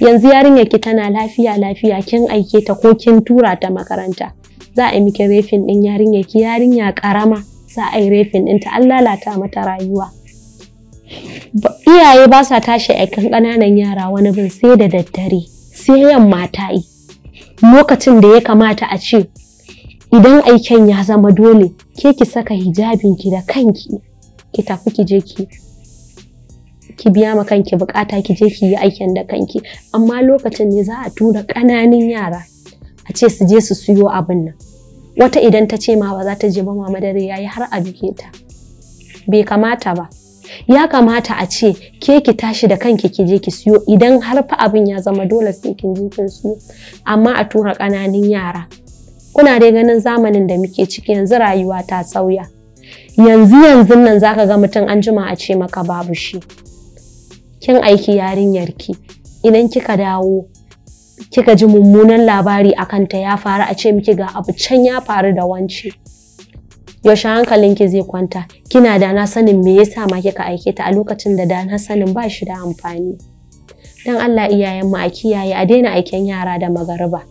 yanzu yarinyar ki tana lafiya lafiya kin aike ta ko kin tura ta makaranta za a yi miki refin din yarinyar ki yarinya karama za a yi refin din ta an lalata mata rayuwa iyaye ba sa tashi kan ƙananan yara wani bin sai da daddare sai yamma ta yi lokacin da ya kamata a ce idan aiken ya zama dole ke ki saka hijabinki da kanki ki tafi ki je ki ki biya ma kanki bukata ki je ki yi aikin da kanki amma lokacin ne za a tura ƙananan yara a ce su je su siyo abin nan wata idan ta ce ma ba za ta je ba mama dare yayi har a bige ta bai kamata ba ya kamata a ce ke ki tashi da kanki ki je ki siyo idan har fa abin ya zama dole sai kin je kin siyo amma a tura ƙananan yara kuna dai ganin zamanin da muke ciki yanzu rayuwa ta sauya yanzu yanzu nan zaka ga mutum an jima a ce maka babu shi kin aiki yarinyar ki? idan kika dawo kika ji mummunan labari a kanta ya faru a ce miki ga abu can ya faru da wance yaushe hankalinki zai kwanta kina da na sanin me yasa ma kika aike ta a lokacin da da na sanin ba shi da amfani dan Allah iyayen mu a kiyaye a daina aiken yara da magariba